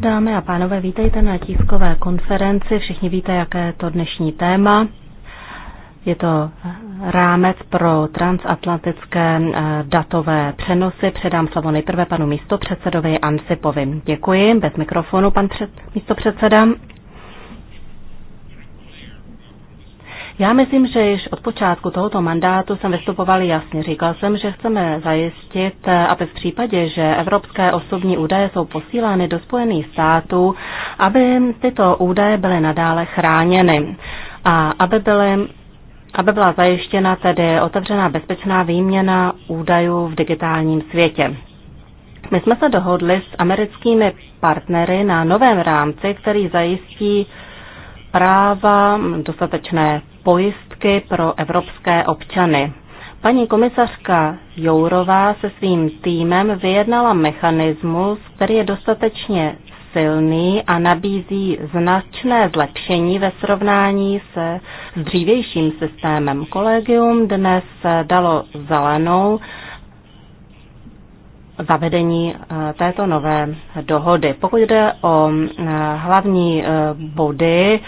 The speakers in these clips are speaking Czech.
Dámy a pánové, vítejte na tiskové konferenci. Všichni víte, jaké je to dnešní téma. Je to rámec pro transatlantické eh, datové přenosy. Předám slovo nejprve panu místopředsedovi Ansipovi. Děkuji. Bez mikrofonu, pan před, místopředseda. Já myslím, že již od počátku tohoto mandátu jsem vystupoval jasně. Říkal jsem, že chceme zajistit, aby v případě, že evropské osobní údaje jsou posílány do Spojených států, aby tyto údaje byly nadále chráněny a aby byly aby byla zajištěna tedy otevřená bezpečná výměna údajů v digitálním světě. My jsme se dohodli s americkými partnery na novém rámci, který zajistí práva, dostatečné pojistky pro evropské občany. Paní komisařka Jourová se svým týmem vyjednala mechanismus, který je dostatečně silný a nabízí značné zlepšení ve srovnání se s dřívějším systémem. Kolegium dnes dalo zelenou zavedení eh, této nové dohody. Pokud jde o eh, hlavní eh, body,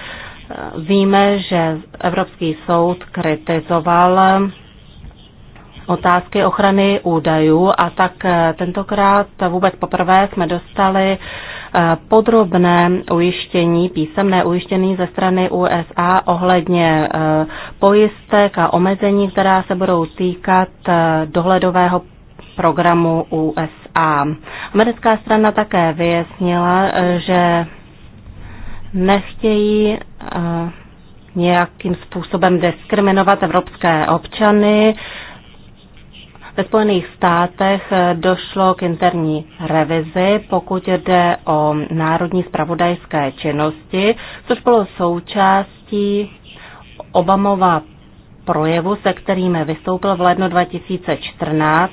víme, že Evropský soud kritizoval otázky ochrany údajů a tak tentokrát vůbec poprvé jsme dostali podrobné ujištění, písemné ujištění ze strany USA ohledně pojistek a omezení, která se budou týkat dohledového programu USA. Americká strana také vyjasnila, že nechtějí eh, nějakým způsobem diskriminovat evropské občany. Ve Spojených státech eh, došlo k interní revizi, pokud jde o národní spravodajské činnosti, což bylo součástí Obamova projevu, se kterým vystoupil v lednu 2014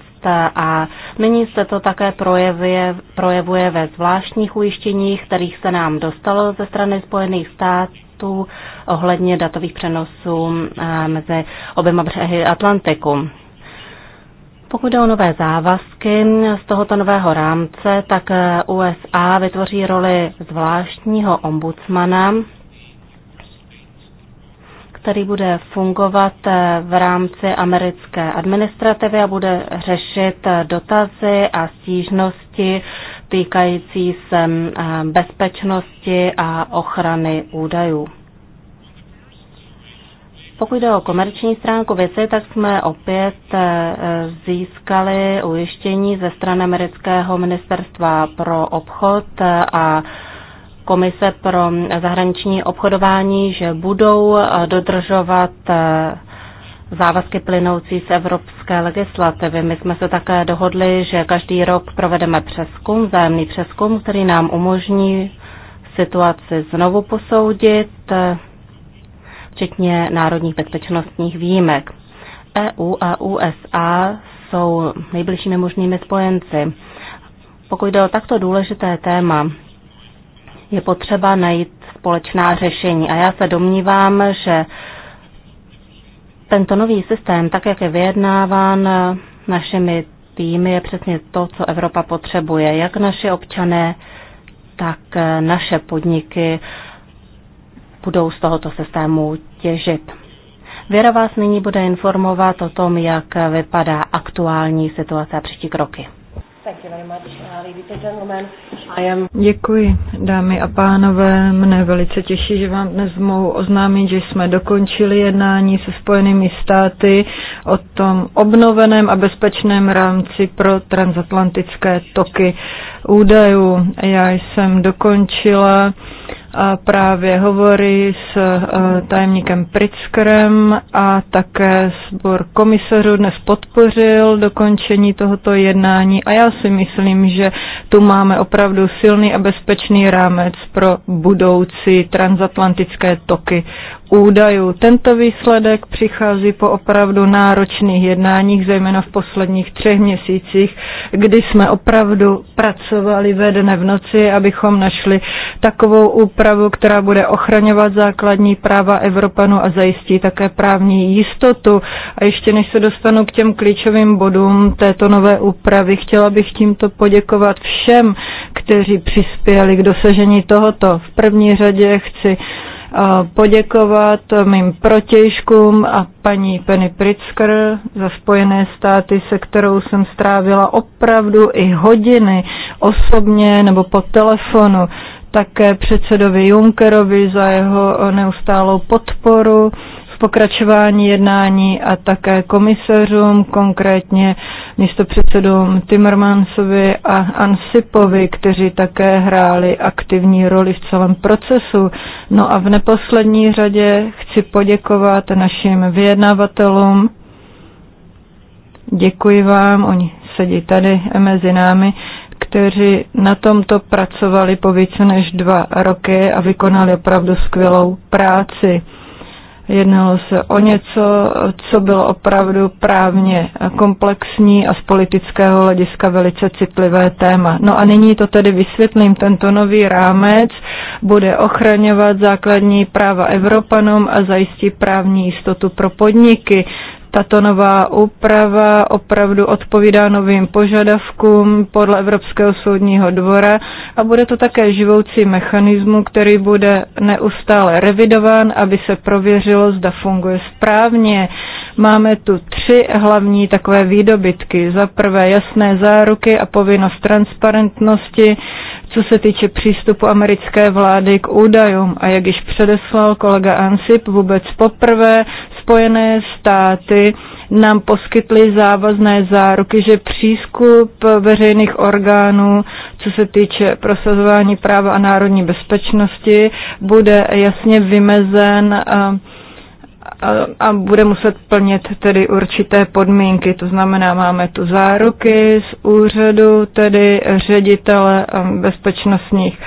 a nyní se to také projevuje, projevuje ve zvláštních ujištěních, kterých se nám dostalo ze strany Spojených států ohledně datových přenosů mezi oběma břehy Atlantiku. Pokud jde o nové závazky z tohoto nového rámce, tak e, USA vytvoří roli zvláštního ombudsmana který bude fungovat eh, v rámci americké administrativy a bude řešit eh, dotazy a stížnosti týkající se eh, bezpečnosti a ochrany údajů. Pokud jde o komerční stránku věci, tak jsme opět získali ujištění ze strany amerického ministerstva pro obchod a Komise pro zahraniční obchodování, že budou eh, dodržovat eh, závazky plynoucí z evropské legislativy. My jsme se také dohodli, že každý rok provedeme přeskum, zájemný přeskum, který nám umožní situaci znovu posoudit, eh, včetně národních bezpečnostních výjimek. EU a USA jsou nejbližšími možnými spojenci. Pokud jde o takto důležité téma, je potřeba najít společná řešení. A já se domnívám, že tento nový systém, tak jak je vyjednáván našimi týmy, je přesně to, co Evropa potřebuje. Jak naše občané, tak naše podniky budou z tohoto systému těžit. Věra vás nyní bude informovat o tom, jak vypadá aktuální situace a příští kroky. Uh, Děkuji, dámy a pánové. Mne velice těší, že vám dnes mohu oznámit, že jsme dokončili jednání se Spojenými státy o tom obnoveném a bezpečném rámci pro transatlantické toky údajů. Já jsem dokončila a právě hovory s eh, tajemníkem Pritzkerem a také sbor komisařů dnes podpořil dokončení tohoto jednání a já si myslím, že tu máme opravdu silný a bezpečný rámec pro budoucí transatlantické toky údajů. Tento výsledek přichází po opravdu náročných jednáních, zejména v posledních třech měsících, kdy jsme opravdu pracovali ve dne v noci, abychom našli takovou úpravu, která bude ochraňovat základní práva Evropanů a zajistí také právní jistotu. A ještě než se dostanu k těm klíčovým bodům této nové úpravy, chtěla bych tímto poděkovat všem, kteří přispěli k dosažení tohoto. V první řadě chci poděkovat mým protějškům a paní Penny Pritzker za Spojené státy, se kterou jsem strávila opravdu i hodiny osobně nebo po telefonu. Také předsedovi Junkerovi za jeho neustálou podporu pokračování jednání a také komisařům, konkrétně místopředsedům Timmermansovi a Ansipovi, kteří také hráli aktivní roli v celém procesu. No a v neposlední řadě chci poděkovat našim vyjednavatelům. Děkuji vám, oni sedí tady mezi námi, kteří na tomto pracovali po více než dva roky a vykonali opravdu skvělou práci. Jednalo se o něco, co bylo opravdu právně komplexní a z politického hlediska velice citlivé téma. No a nyní to tedy vysvětlím. Tento nový rámec bude ochraňovat základní práva Evropanům a zajistí právní jistotu pro podniky tato nová úprava opravdu odpovídá novým požadavkům podle Evropského soudního dvora a bude to také živoucí mechanismus, který bude neustále revidován, aby se prověřilo, zda funguje správně. Máme tu tři hlavní takové výdobytky. Za prvé jasné záruky a povinnost transparentnosti, co se týče přístupu americké vlády k údajům. A jak již předeslal kolega Ansip, vůbec poprvé Spojené státy nám poskytly závazné záruky, že přístup veřejných orgánů, co se týče prosazování práva a národní bezpečnosti, bude jasně vymezen a, a bude muset plnit tedy určité podmínky. To znamená, máme tu záruky z úřadu, tedy ředitele um, bezpečnostních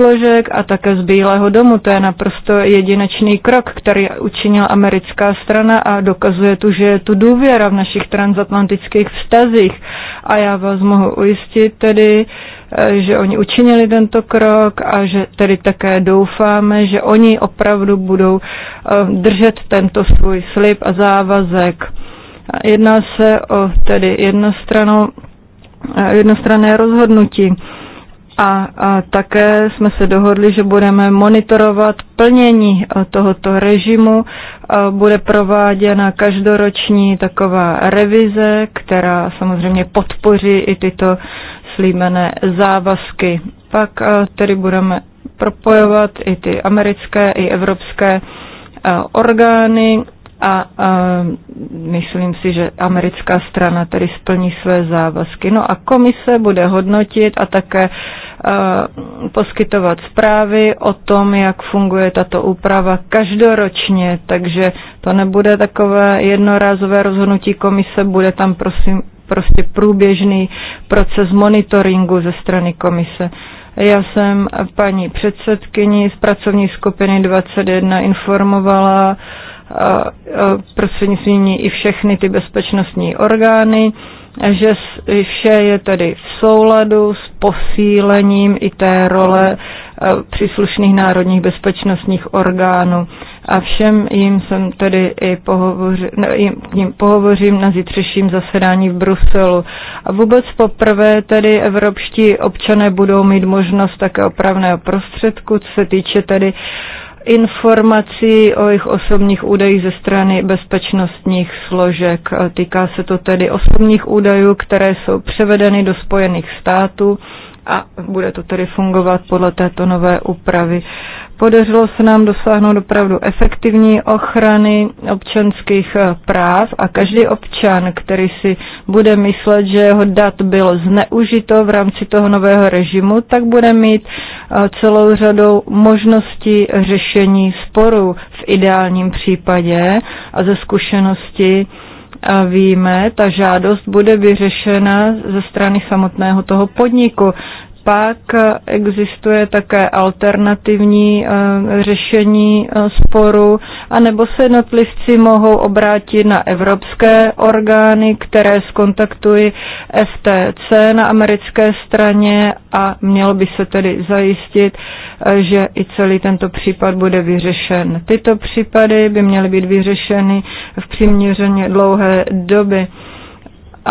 složek a také z Bílého domu. To je naprosto jedinečný krok, který učinila americká strana a dokazuje tu, že je tu důvěra v našich transatlantických vztazích. A já vás mohu ujistit tedy, eh, že oni učinili tento krok a že tedy také doufáme, že oni opravdu budou eh, držet tento svůj slib a závazek. Jedná se o tedy jednostranou eh, jednostranné rozhodnutí. A, a také jsme se dohodli, že budeme monitorovat plnění e, tohoto režimu. E, bude prováděna každoroční taková revize, která samozřejmě podpoří i tyto slíbené závazky. Pak e, tedy budeme propojovat i ty americké, i evropské orgány a, a myslím si, že americká strana tedy splní své závazky. No a komise bude hodnotit a také a, poskytovat zprávy o tom, jak funguje tato úprava každoročně, takže to nebude takové jednorázové rozhodnutí komise, bude tam prosím, prostě průběžný proces monitoringu ze strany komise. Já jsem paní předsedkyni z pracovní skupiny 21 informovala, uh, Eh, eh, prostřednictvím i všechny ty bezpečnostní orgány, že vše je tedy v souladu s posílením i té role eh, příslušných národních bezpečnostních orgánů. A všem jim jsem tedy i pohovoři, ne, jim, jim pohovořím na zítřejším zasedání v Bruselu. A vůbec poprvé tedy evropští občané budou mít možnost také opravného prostředku, co se týče tedy uh, informací o jejich osobních údajích ze strany bezpečnostních složek. Týká se to tedy osobních údajů, které jsou převedeny do Spojených států a bude to tedy fungovat podle této nové úpravy. Podařilo se nám dosáhnout opravdu efektivní ochrany občanských eh, práv a každý občan, který si bude myslet, že jeho dat bylo zneužito v rámci toho nového režimu, tak bude mít celou řadou možností řešení sporů v ideálním případě a ze zkušenosti a víme, ta žádost bude vyřešena ze strany samotného toho podniku pak existuje také alternativní eh, řešení eh, sporu, anebo se jednotlivci mohou obrátit na evropské orgány, které skontaktují FTC na americké straně a mělo by se tedy zajistit, eh, že i celý tento případ bude vyřešen. Tyto případy by měly být vyřešeny v přiměřeně dlouhé doby.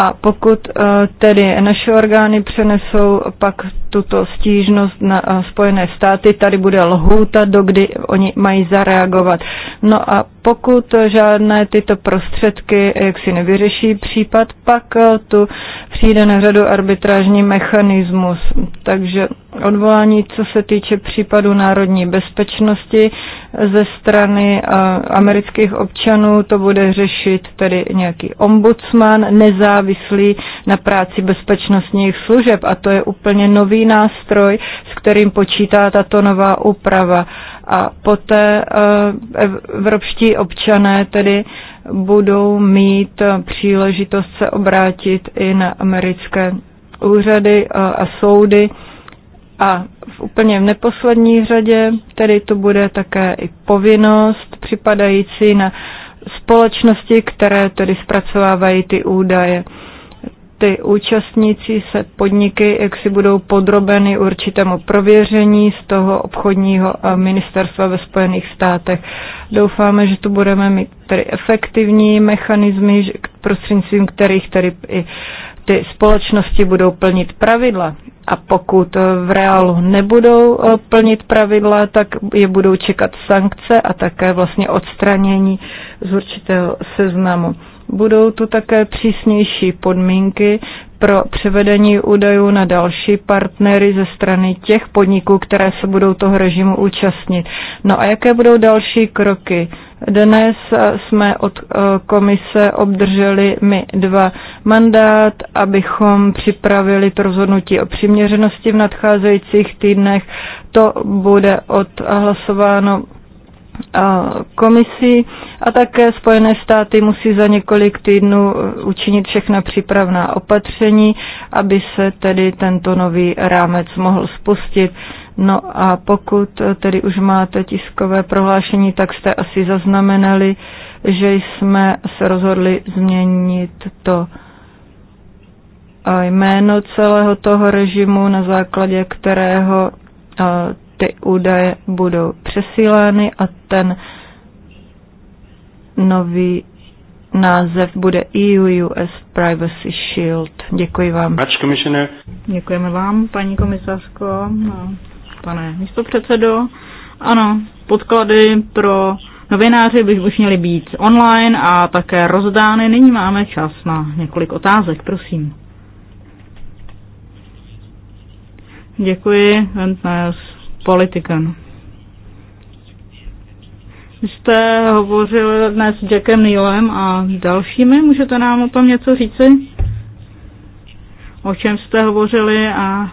A pokud eh, tedy naše orgány přenesou pak tuto stížnost na eh, Spojené státy, tady bude lhůta, kdy oni mají zareagovat. No a pokud žádné tyto prostředky jak si nevyřeší případ, pak eh, tu přijde na řadu arbitrážní mechanismus. Takže odvolání, co se týče případu národní bezpečnosti, ze strany eh, amerických občanů to bude řešit tedy nějaký ombudsman nezávislý na práci bezpečnostních služeb a to je úplně nový nástroj, s kterým počítá tato nová úprava. A poté eh, evropští občané tedy budou mít příležitost se obrátit i na americké úřady eh, a soudy a v úplně v neposlední řadě tedy to bude také i povinnost připadající na společnosti, které tedy zpracovávají ty údaje. Ty účastníci se podniky, jak si budou podrobeny určitému prověření z toho obchodního ministerstva ve Spojených státech. Doufáme, že tu budeme mít tedy efektivní mechanismy, prostřednictvím kterých tedy i ty společnosti budou plnit pravidla a pokud eh, v reálu nebudou eh, plnit pravidla, tak je budou čekat sankce a také vlastně odstranění z určitého seznamu. Budou tu také přísnější podmínky pro převedení údajů na další partnery ze strany těch podniků, které se budou toho režimu účastnit. No a jaké budou další kroky? Dnes jsme od eh, komise obdrželi my dva mandát, abychom připravili to rozhodnutí o přiměřenosti v nadcházejících týdnech. To bude odhlasováno eh, komisí a také Spojené státy musí za několik týdnů eh, učinit všechna přípravná opatření, aby se tedy tento nový rámec mohl spustit. No a pokud tedy už máte tiskové prohlášení, tak jste asi zaznamenali, že jsme se rozhodli změnit to jméno celého toho režimu, na základě kterého ty údaje budou přesílány a ten nový název bude EU-US Privacy Shield. Děkuji vám. Děkujeme vám, paní komisařko. No pane předsedo. Ano, podklady pro novináři by už měly být online a také rozdány. Nyní máme čas na několik otázek, prosím. Děkuji, Ventnes Politikan. Vy jste hovořil dnes s Jackem Neilem a dalšími, můžete nám o tom něco říci? O čem jste hovořili a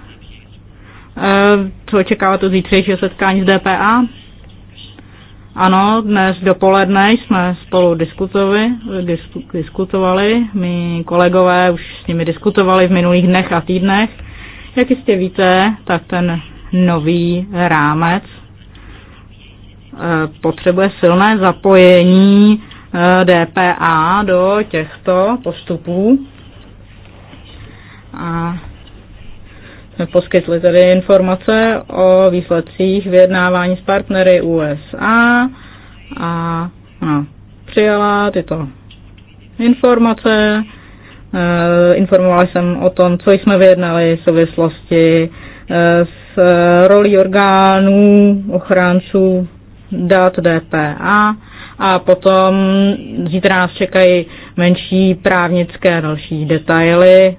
Eh, co očekává to zítřejšího setkání s DPA? Ano, dnes dopoledne jsme spolu diskutovali, disku, diskutovali. my kolegové už s nimi diskutovali v minulých dnech a týdnech. Jak jistě víte, tak ten nový rámec eh, potřebuje silné zapojení eh, DPA do těchto postupů. A jsme poskytli tedy informace o výsledcích vyjednávání s partnery USA a ona přijala tyto informace. Eh, informovala jsem o tom, co jsme vyjednali v souvislosti eh, s rolí orgánů ochránců dat DPA a potom zítra nás čekají menší právnické další detaily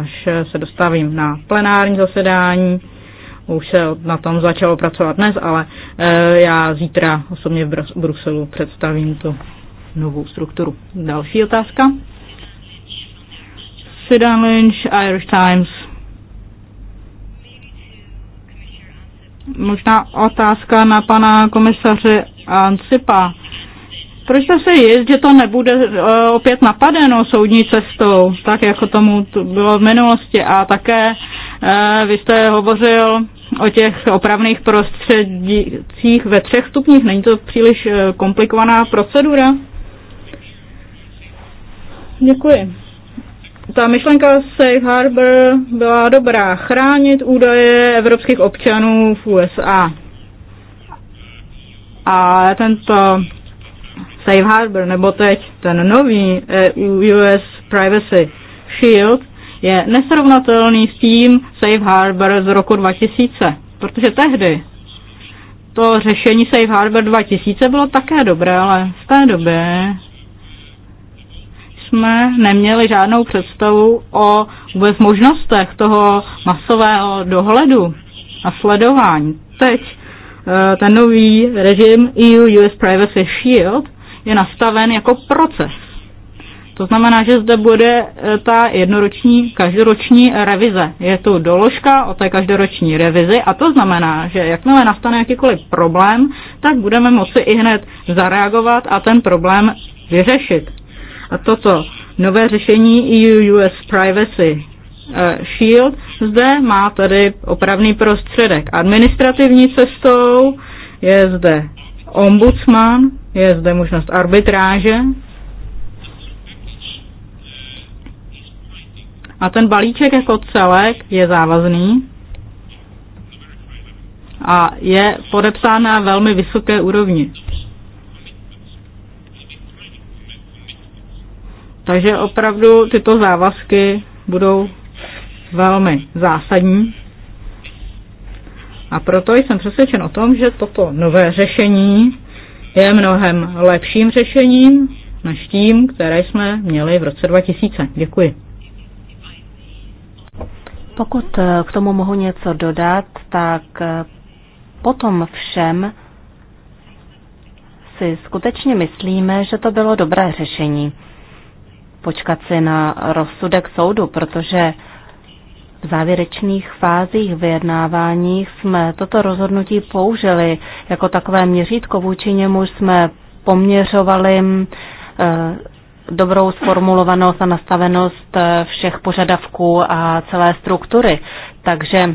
až se dostavím na plenární zasedání. Už se na tom začalo pracovat dnes, ale eh, já zítra osobně v Bruselu představím tu novou strukturu. Další otázka. Sidan Lynch, Irish Times. Možná otázka na pana komisaře Ancipa proč jste se jist, že to nebude eh, opět napadeno soudní cestou, tak jako tomu bylo v minulosti? A také eh, vy jste hovořil o těch opravných prostředcích ve třech stupních. Není to příliš eh, komplikovaná procedura? Děkuji. Ta myšlenka Safe Harbor byla dobrá. Chránit údaje evropských občanů v USA. A tento Safe Harbor, nebo teď ten nový eh, US Privacy Shield, je nesrovnatelný s tím Safe Harbor z roku 2000, protože tehdy to řešení Safe Harbor 2000 bylo také dobré, ale v té době jsme neměli žádnou představu o vůbec možnostech toho masového dohledu a sledování. Teď eh, ten nový režim EU US Privacy Shield je nastaven jako proces. To znamená, že zde bude eh, ta jednoroční, každoroční revize. Je to doložka o té každoroční revizi a to znamená, že jakmile nastane jakýkoliv problém, tak budeme moci i hned zareagovat a ten problém vyřešit. A toto nové řešení EU-US Privacy eh, Shield zde má tedy opravný prostředek. Administrativní cestou je zde ombudsman, je zde možnost arbitráže. A ten balíček jako celek je závazný a je podepsán na velmi vysoké úrovni. Takže opravdu tyto závazky budou velmi zásadní. A proto jsem přesvědčen o tom, že toto nové řešení je mnohem lepším řešením než tím, které jsme měli v roce 2000. Děkuji. Pokud eh, k tomu mohu něco dodat, tak eh, potom všem si skutečně myslíme, že to bylo dobré řešení. Počkat si na rozsudek soudu, protože v závěrečných fázích vyjednávání jsme toto rozhodnutí použili jako takové měřítko, vůči němu jsme poměřovali eh, dobrou sformulovanost a nastavenost eh, všech požadavků a celé struktury. Takže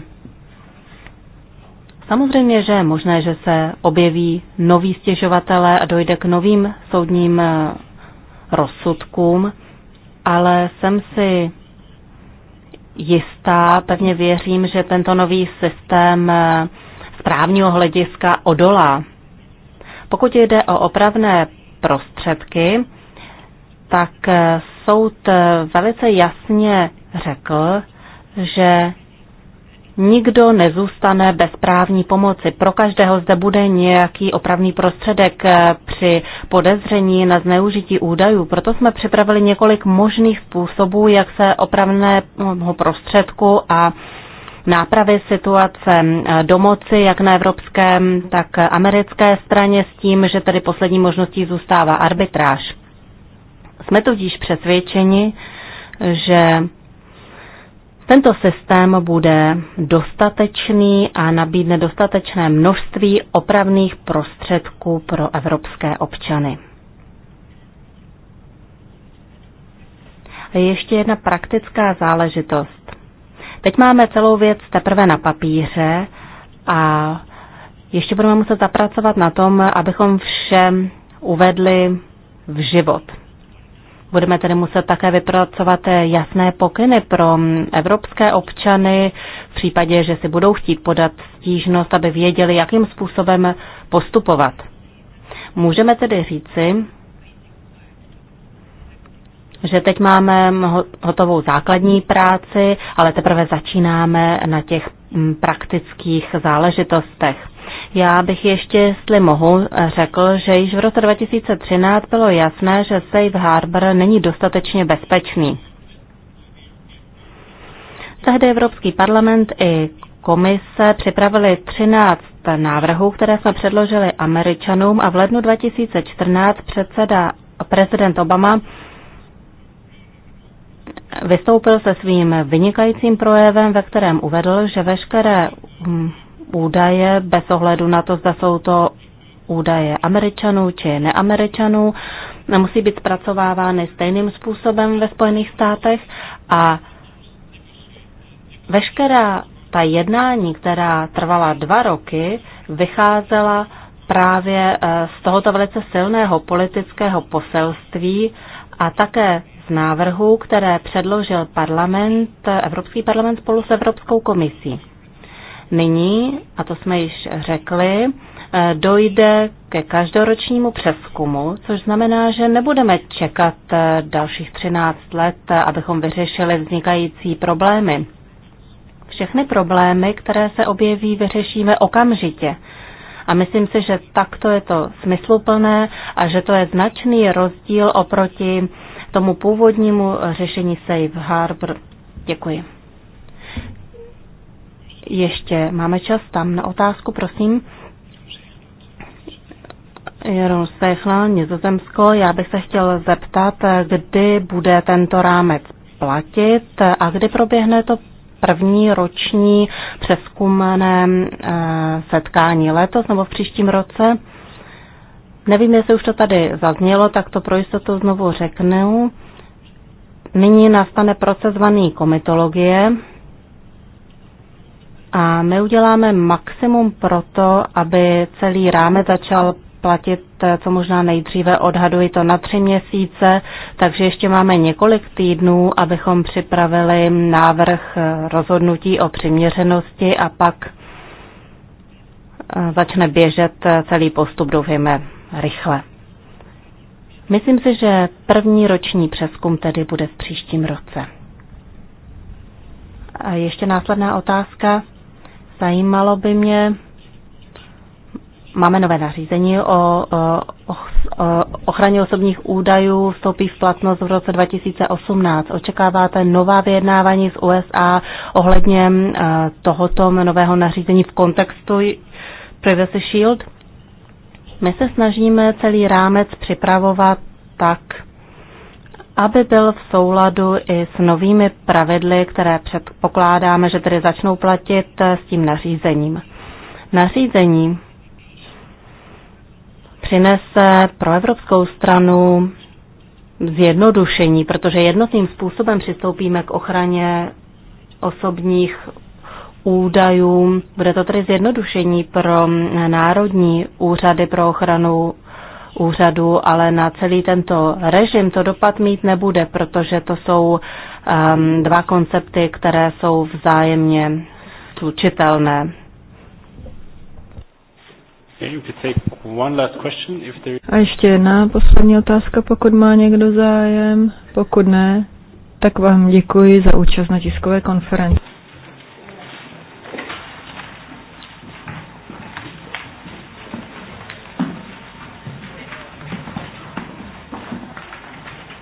samozřejmě, že je možné, že se objeví noví stěžovatelé a dojde k novým soudním eh, rozsudkům, ale jsem si jistá. Pevně věřím, že tento nový systém z eh, právního hlediska odolá. Pokud jde o opravné prostředky, tak eh, soud eh, velice jasně řekl, že nikdo nezůstane bez právní pomoci. Pro každého zde bude nějaký opravný prostředek eh, při podezření na zneužití údajů. Proto jsme připravili několik možných způsobů, jak se opravného prostředku a nápravy situace eh, domoci, jak na evropské, tak americké straně s tím, že tady poslední možností zůstává arbitráž. Jsme totiž přesvědčeni, že tento systém bude dostatečný a nabídne dostatečné množství opravných prostředků pro evropské občany. ještě jedna praktická záležitost. Teď máme celou věc teprve na papíře a ještě budeme muset zapracovat na tom, abychom vše uvedli v život. Budeme tedy muset také vypracovat jasné pokyny pro evropské občany v případě, že si budou chtít podat stížnost, aby věděli, jakým způsobem postupovat. Můžeme tedy říci, že teď máme hotovou základní práci, ale teprve začínáme na těch mm, praktických záležitostech. Já bych ještě, jestli mohu, řekl, že již v roce 2013 bylo jasné, že Safe Harbor není dostatečně bezpečný. Tehdy Evropský parlament i komise připravili 13 návrhů, které jsme předložili Američanům a v lednu 2014 předseda prezident Obama vystoupil se svým vynikajícím projevem, ve kterém uvedl, že veškeré hm, údaje bez ohledu na to, zda jsou to údaje Američanů či neameričanů, musí být zpracovávány stejným způsobem ve Spojených státech a veškerá ta jednání, která trvala dva roky, vycházela právě eh, z tohoto velice silného politického poselství a také z návrhů, které předložil parlament, eh, Evropský parlament spolu s Evropskou komisí. Nyní, a to jsme již řekli, eh, dojde ke každoročnímu přeskumu, což znamená, že nebudeme čekat eh, dalších 13 let, eh, abychom vyřešili vznikající problémy. Všechny problémy, které se objeví, vyřešíme okamžitě. A myslím si, že takto je to smysluplné a že to je značný rozdíl oproti tomu původnímu řešení Safe Harbor. Děkuji ještě máme čas tam na otázku, prosím. Jeroen Stechla, Nizozemsko. Já bych se chtěl zeptat, kdy bude tento rámec platit a kdy proběhne to první roční přeskumané eh, setkání letos nebo v příštím roce. Nevím, jestli už to tady zaznělo, tak to pro jistotu znovu řeknu. Nyní nastane proces zvaný komitologie, a my uděláme maximum pro to, aby celý rámec začal platit eh, co možná nejdříve, odhaduji to na tři měsíce, takže ještě máme několik týdnů, abychom připravili návrh eh, rozhodnutí o přiměřenosti a pak eh, začne běžet celý postup, doufejme, rychle. Myslím si, že první roční přeskum tedy bude v příštím roce. A ještě následná otázka. Zajímalo by mě, máme nové nařízení o, o, o ochraně osobních údajů vstoupí v platnost v roce 2018. Očekáváte nová vyjednávání z USA ohledně eh, tohoto nového nařízení v kontextu Privacy Shield? My se snažíme celý rámec připravovat tak, aby byl v souladu i s novými pravidly, které předpokládáme, že tedy začnou platit eh, s tím nařízením. Nařízení přinese pro evropskou stranu zjednodušení, protože jednotným způsobem přistoupíme k ochraně osobních údajů. Bude to tedy zjednodušení pro národní úřady pro ochranu úřadu, ale na celý tento režim to dopad mít nebude, protože to jsou um, dva koncepty, které jsou vzájemně slučitelné. A ještě jedna poslední otázka, pokud má někdo zájem. Pokud ne, tak vám děkuji za účast na tiskové konferenci.